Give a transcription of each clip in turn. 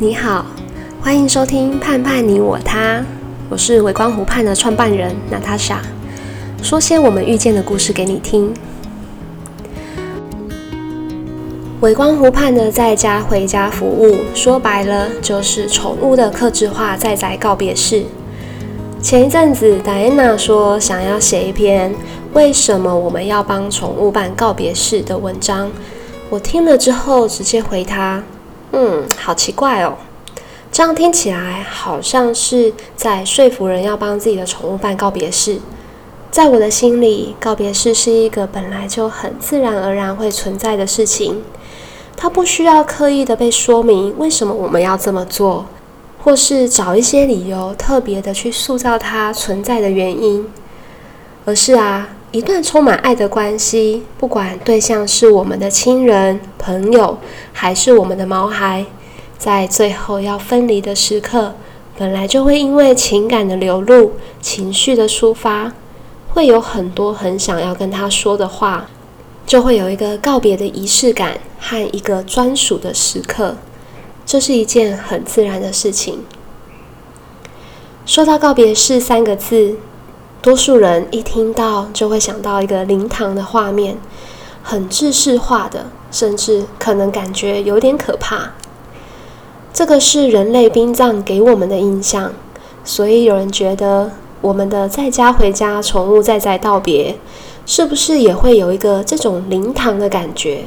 你好，歡迎收聽《盼盼你我他》，我是微光湖盼的創辦人娜塔莎，說些我們遇見的故事給你聽。微光湖盼的在家回家服務，說白了就是寵物的客製化在宅告別式。前一陣子戴安娜說想要寫一篇為什麼我們要幫寵物辦告別式的文章，我聽了之後直接回她。嗯，好奇怪哦，這樣聽起來好像是在說服人要幫自己的寵物辦告別式。在我的心裡，告別式是一個本來就很自然而然會存在的事情，它不需要刻意的被說明為什麼我們要這麼做，或是找一些理由特別的去塑造它存在的原因，而是啊。一段充滿愛的關係，不管對象是我們的親人、朋友，還是我們的毛孩，在最後要分離的時刻，本來就會因為情感的流露、情緒的抒發，會有很多很想要跟他說的話，就會有一個告別的儀式感和一個專屬的時刻，這是一件很自然的事情。說到告別式三個字。多數人一聽到就會想到一個靈堂的畫面，很制式化的，甚至可能感覺有點可怕。這個是人類殯葬給我們的印象，所以有人覺得我們的在家回家、寵物在宅道別，是不是也會有一個這種靈堂的感覺？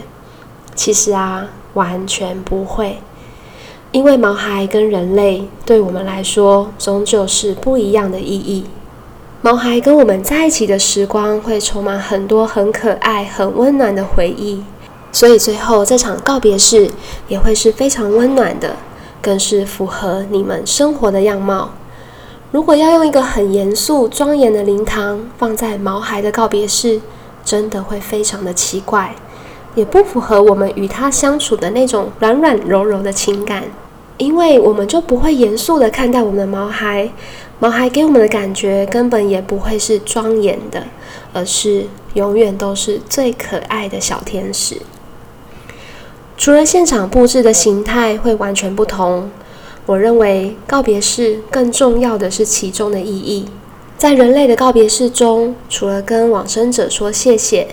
其實啊，完全不會，因為毛孩跟人類對我們來說終究是不一樣的意義。毛孩跟我們在一起的時光，會充滿很多很可愛、很溫暖的回憶，所以最後這場告別式也會是非常溫暖的，更是符合你們生活的樣貌。如果要用一個很嚴肅、莊嚴的靈堂放在毛孩的告別式，真的會非常的奇怪，也不符合我們與他相處的那種軟軟柔柔的情感。因為我們就不會嚴肅的看待我們的毛孩，毛孩給我們的感覺根本也不會是莊嚴的，而是永遠都是最可愛的小天使。除了現場佈置的形態會完全不同，我認為告別式更重要的是其中的意義。在人類的告別式中，除了跟往生者說謝謝，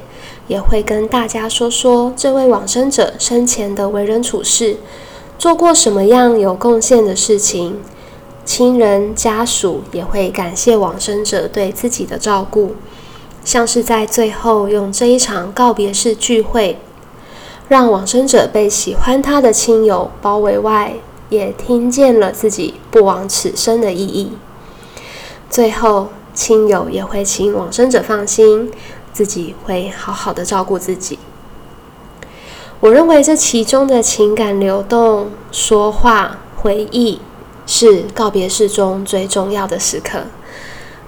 也會跟大家說說這位往生者生前的為人處事。做過什麼樣有貢獻的事情，親人家屬也會感謝往生者對自己的照顧，像是在最後用這一場告別式聚會，讓往生者被喜歡他的親友包圍外，也聽見了自己不枉此生的意義。最後，親友也會請往生者放心，自己會好好的照顧自己。我認為這其中的情感流動、說話、回憶，是告別式中最重要的時刻。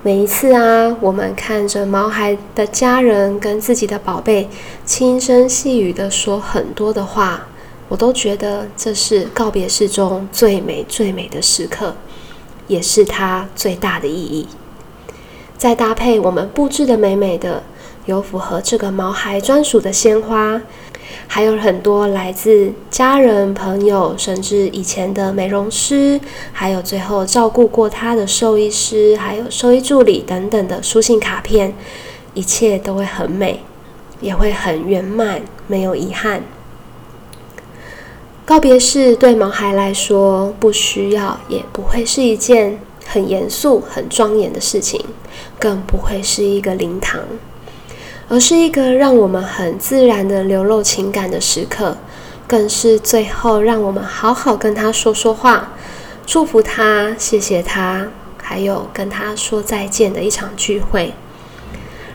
每一次啊，我們看着毛孩的家人跟自己的寶貝輕聲細語的說很多的話，我都覺得這是告別式中最美最美的時刻，也是它最大的意義。再搭配我們布置的美美的，有符合這個毛孩專屬的鮮花。還有很多來自家人、朋友，甚至以前的美容師，還有最後照顧過他的獸醫師，還有獸醫助理等等的書信卡片，一切都會很美，也會很圓滿，沒有遺憾。告別式對毛孩來說不需要，也不會是一件很嚴肅、很莊嚴的事情，更不會是一個靈堂。而是一個讓我們很自然地流露情感的時刻，更是最後讓我們好好跟他說說話，祝福他，謝謝他，還有跟他說再見的一場聚會，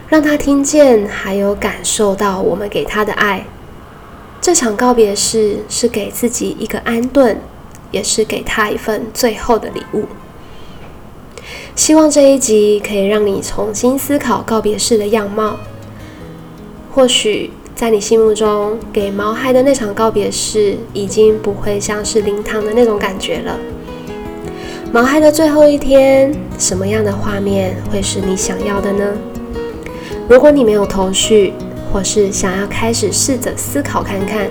讓他聽見，還有感受到我們給他的愛。這場告別式是給自己一個安頓，也是給他一份最後的禮物。希望這一集可以讓你重新思考告別式的樣貌。或許在你心目中，給毛孩的那場告別式已經不會像是靈堂的那種感覺了。毛孩的最後一天，什麼樣的畫面會是你想要的呢？如果你沒有頭緒，或是想要開始試着思考看看，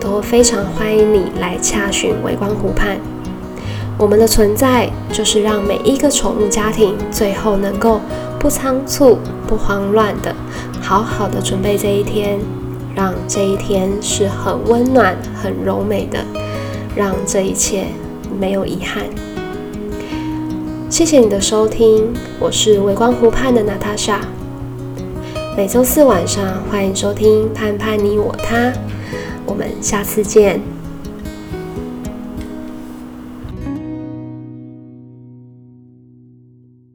都非常歡迎你來洽詢微光湖盼。我們的存在就是讓每一個寵物家庭最後能夠不倉促、不慌亂的。好好的準備這一天，讓這一天是很溫暖、很柔美的，讓這一切沒有遺憾。謝謝你的收聽，我是微光湖盼的娜塔莎。每周四晚上歡迎收聽《盼盼你我他》，我們下次見。